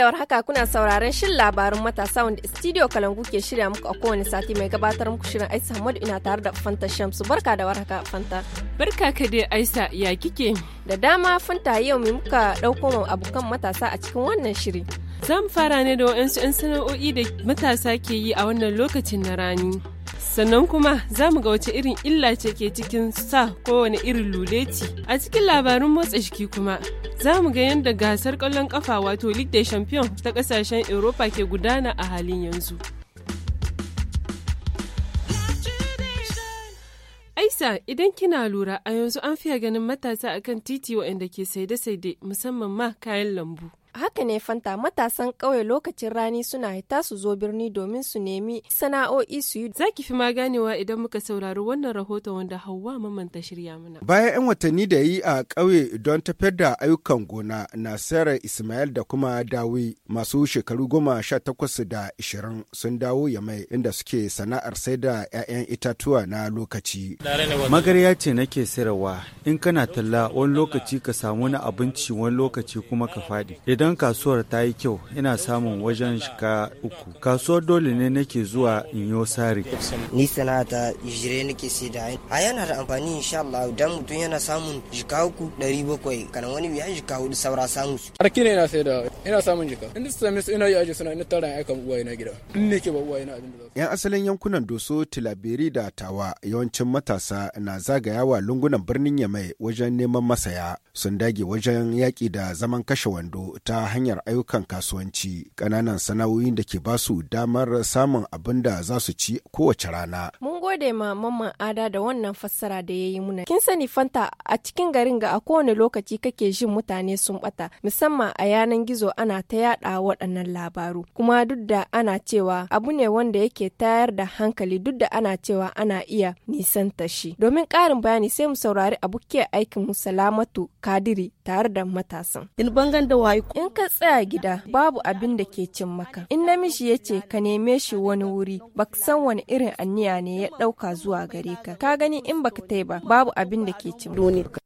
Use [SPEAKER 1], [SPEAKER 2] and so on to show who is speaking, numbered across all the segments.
[SPEAKER 1] da warhaka kuna sauraron shin labarin matasa wanda studio Kalangu ke shirya muku a kowane sati mai gabatar muku shirin aisa Hamadu ina tare da Fanta Shamsu. Barka da warhaka Fanta.
[SPEAKER 2] Barka ka dai aisa ya kike?
[SPEAKER 1] Da dama Fanta yau mai muka dauko abokan matasa a cikin wannan shiri.
[SPEAKER 2] Zan fara ne da wa'ansu 'yan sana'o'i da matasa ke yi a wannan lokacin na rani. sannan kuma za mu ga wace irin illa ce ke cikin sa kowane irin luleti a cikin labarin motsa jiki kuma za mu ga yadda gasar kwallon ƙafa wato league de champion ta ƙasashen europa ke gudana a halin yanzu Aisa idan kina lura a yanzu an fiya ganin matasa akan titi waɗanda ke saide-saide musamman ma kayan lambu.
[SPEAKER 1] Haka ne fanta matasan ƙauye
[SPEAKER 2] lokacin rani suna hita su zo birni domin su nemi sana'o'i su yi. Za ki fi ma ganewa idan muka saurari wannan rahoton wanda Hauwa mamanta shirya mana.
[SPEAKER 3] Bayan 'yan watanni da yi a kauye don tafiyar da ayyukan gona Nasarar Ismail da kuma Dawi masu shekaru goma sha takwas da ashirin sun dawo ya mai inda suke sana'ar sai da 'ya'yan
[SPEAKER 4] itatuwa na lokaci. Magarya ce nake sayarwa in kana talla wani lokaci ka samu na abinci wani lokaci kuma ka faɗi. Idan kasuwar ta yi kyau ina samun wajen shiga uku. Kasuwar dole ne nake zuwa in yo sare. Ni sana'ata
[SPEAKER 1] jire nake sai da a yana da amfani insha Allah dan mutum yana samun shiga uku ɗari
[SPEAKER 3] bakwai kana wani biya shiga hudu saura samu. Arki ne ina sai da ina samun jika. In da sami ina yi aji suna ina tara ya aika uwaye na gida. In ne ke ba uwaye na abin da za Yan asalin yankunan Doso, Tilaberi da Tawa yawancin matasa na zagayawa lungunan birnin Yamai wajen neman masaya sun dage wajen yaƙi da zaman kashe wando ta hanyar ayyukan kasuwanci ƙananan sana'o'in da ke ba su damar samun abin da za su ci kowace rana.
[SPEAKER 1] Mun gode ma mamman ada da wannan fassara da ya yi muna. Kin sani fanta a cikin garin ga a kowane lokaci kake jin mutane sun bata musamman a yanan gizo ana ta yada waɗannan labaru kuma duk da ana cewa abu ne wanda yake tayar da hankali duk da ana cewa ana iya nisanta shi. Domin ƙarin bayani sai mu saurari ke aikin mu Salamatu Kadiri tare da matasan. In bangan da wayo. In ka tsaya gida babu abin da ke cin maka. In namiji ya ce ka neme shi wani wuri baka san wani irin anniya ne ya ɗauka zuwa gare ka. Ka gani in baka tai ba babu abin da ke cin maka.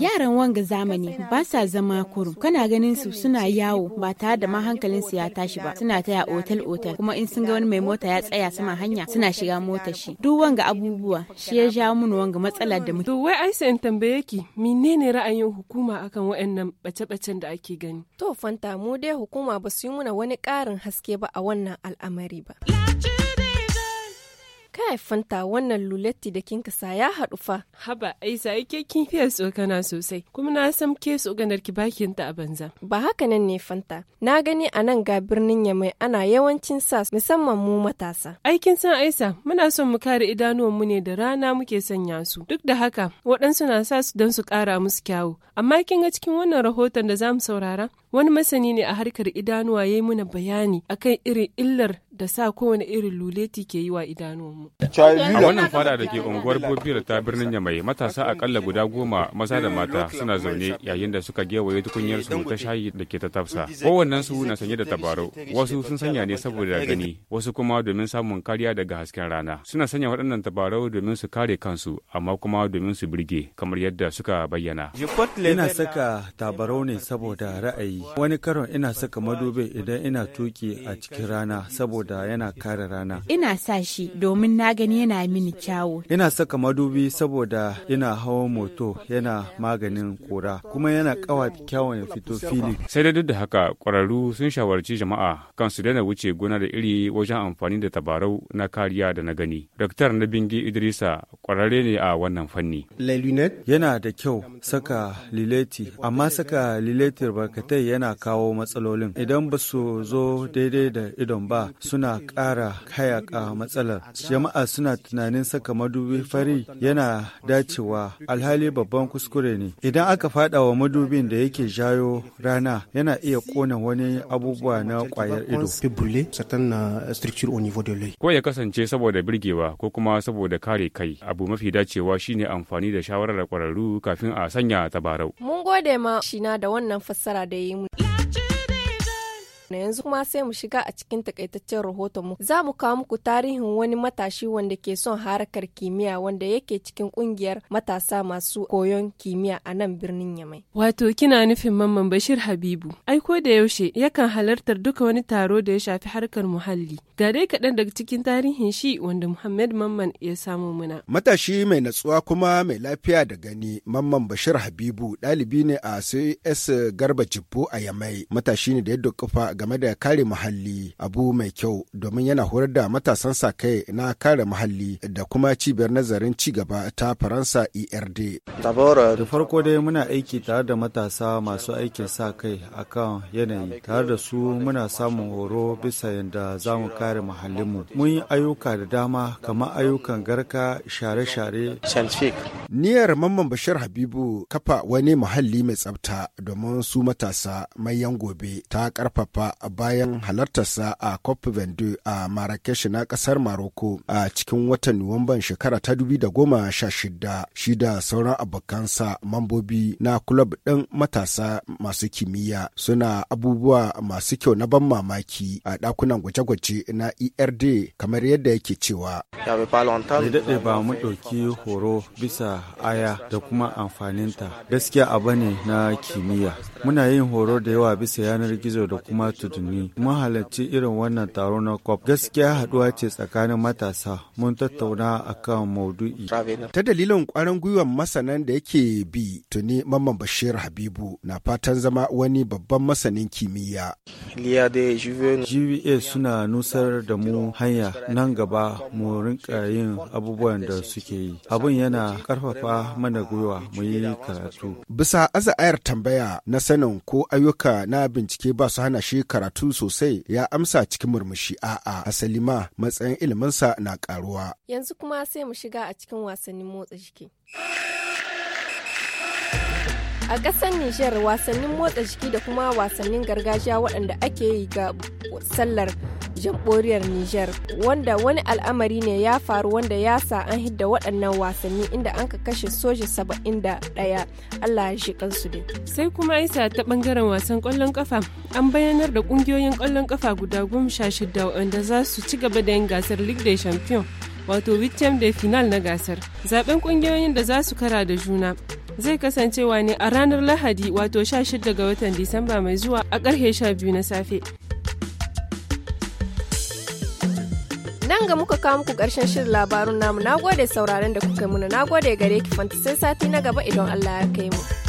[SPEAKER 1] Yaran wanga zamani ba sa zama kuru Kana ganin su suna yawo ba tare da ma su ya tashi ba. Suna taya otal-otal kuma in sun ga wani mai mota ya tsaya sama hanya suna shiga mota shi.
[SPEAKER 2] Duk wanga abubuwa shi ya ja mun wanga matsala da mutum. To wai ai sai in tambaye ki menene ra'ayin hukumar hukuma akan waɗannan ɓace-ɓacen da ake gani?
[SPEAKER 1] To fanta mu dai hukuma ba su yi muna wani ƙarin haske ba a wannan al'amari ba. Kai fanta wannan lulatti da kinka sa ya haɗu fa.
[SPEAKER 2] Haba Aisa yake kin fiye tsokana sosai kuma na san ke ganar ki bakin ta a banza. Ba
[SPEAKER 1] haka nan ne fanta. Na gani a nan ga birnin Yamai ana yawancin sa musamman mu matasa.
[SPEAKER 2] Aikin san Aisa muna son mu kare idanuwan mu ne da rana muke sanya su. Duk da haka waɗansu na sa su dan su ƙara musu kyawu. Amma kin ga cikin wannan rahoton da za mu saurara wani masani ne a harkar idanuwa ya yi mana bayani akan irin illar da sa kowane irin luleti ke yi wa idanuwanmu.
[SPEAKER 4] A
[SPEAKER 5] wannan fada da ke unguwar Bobiyar ta birnin Yamai matasa akalla guda goma maza da mata suna zaune yayin da suka gewaye tukunyar su ta shayi da ke ta tafsa. Kowannen su na sanye da tabarau, wasu sun sanya ne saboda gani, wasu kuma domin samun kariya daga hasken rana. Suna sanya waɗannan tabarau domin su kare kansu amma kuma domin su birge kamar yadda suka bayyana.
[SPEAKER 4] Ina saka tabarau ne saboda ra'ayi. Wani karon ina saka madobe idan ina tuki a cikin rana saboda saboda yana kare rana.
[SPEAKER 1] Ina sa shi domin na gani yana mini kyawu.
[SPEAKER 4] Ina saka madubi saboda ina hawan moto yana maganin
[SPEAKER 5] kura kuma
[SPEAKER 4] yana ƙawata kyawun fito fili.
[SPEAKER 5] Sai da duk da haka ƙwararru sun shawarci jama'a kan su daina wuce gona da iri wajen amfani da tabarau na kariya da na gani. Daktar na bingi Idrisa ƙwararre ne a wannan fanni.
[SPEAKER 4] Yana da kyau saka lileti amma saka liletir barkatai yana kawo matsalolin idan ba su zo daidai da idon ba su suna ƙara hayaƙa matsalar. Jama'a suna tunanin saka madubi fari yana dacewa alhali babban kuskure ne. Idan aka fada wa madubin da yake jayo rana yana iya kona wani abubuwa na ƙwayar ido. Euh,
[SPEAKER 5] ko ya kasance saboda birgewa ko kuma saboda kare kai abu mafi dacewa shine amfani da shawarar kwararru kafin a sanya tabarau.
[SPEAKER 1] Mun gode ma shina da wannan fassara da yi mu. Na yanzu kuma sai mu shiga a cikin takaitaccen rahoton mu. Za mu kawo muku tarihin wani matashi wanda ke son harkar kimiyya wanda yake cikin kungiyar matasa masu koyon kimiyya a nan birnin
[SPEAKER 2] Yamai. Wato kina nufin Mamman Bashir Habibu. Ai ko da yaushe yakan halartar duka wani taro da ya shafi harkar muhalli. Ga dai kaɗan daga cikin tarihin shi wanda Muhammad Mamman ya samu muna.
[SPEAKER 3] Matashi mai natsuwa kuma mai lafiya da gani Mamman Bashir Habibu ɗalibi ne a CS Garba Jibbo a Yamai. Matashi ne da ya kafa game da kare muhalli abu mai kyau domin yana horar da matasan sa kai na kare muhalli da kuma cibiyar nazarin ci gaba ta Faransa ERD.
[SPEAKER 4] Euh, da farko dai muna aiki tare da matasa masu aikin sa kai akan yanayi tare da su muna samun horo bisa yadda za mu kare muhallinmu. Mun yi ayyuka da dama kamar ayyukan garka share-share. niyar Mamman Bashir Habibu kafa wani
[SPEAKER 3] muhalli mai tsabta domin su matasa mai yan gobe ta karfafa a bayan halartarsa a cop a marrakesh na kasar maroko a cikin watan nuwamban shekara ta da goma sha shida shi da sauran abokansa mambobi na kulab ɗin matasa masu kimiyya suna abubuwa masu kyau na ban mamaki a ɗakunan gwaje-gwaje na erd kamar yadda yake cewa
[SPEAKER 4] daɗe ba mu ɗauki horo bisa aya da kuma amfaninta gaskiya a ne na kimiyya muna yin horo da yawa bisa yanar gizo da kuma tuduni mun halarci irin wannan taro na COP. Gaskiya haduwa ce tsakanin matasa mun tattauna akan maudu'i. Ta dalilin kwarin gwiwar masanan da yake bi tuni Mamman
[SPEAKER 3] Bashir Habibu na fatan zama wani babban masanin kimiyya.
[SPEAKER 4] GBA suna nusar da mu hanya nan gaba mu rinka yin abubuwan da suke yi. abun yana karfafa mana gwiwa mu yi karatu.
[SPEAKER 3] Bisa aza'ayar tambaya na sanin ko ayyuka na bincike ba su hana shi karatu sosai ya amsa cikin murmushi a'a asali ma matsayin iliminsa na karuwa.
[SPEAKER 1] Yanzu kuma sai mu shiga a cikin wasannin motsa jiki. A ƙasar Nijar wasannin motsa jiki da kuma wasannin gargajiya waɗanda ake yi ga sallar boriyar Nijar wanda wani al'amari ne ya faru wanda ya sa an hidda waɗannan wasanni inda an ka kashe soja saba'in da ɗaya Allah ya shi
[SPEAKER 2] kansu dai. Sai kuma isa ta ɓangaren wasan ƙwallon ƙafa an bayyanar da ƙungiyoyin ƙwallon ƙafa guda goma sha shida wanda za su ci gaba da yin gasar lig de Champions wato Wittem da final na gasar. Zaben ƙungiyoyin da za su kara da juna zai kasancewa ne a ranar Lahadi wato 16 ga watan Disamba mai zuwa a sha 12 na safe.
[SPEAKER 1] Nan ga muka kawo muku ƙarshen shirin labarun namu nagode sauraron da kuka muna nagode gare ki fanta sai sati na gaba idan Allah ya kai mu.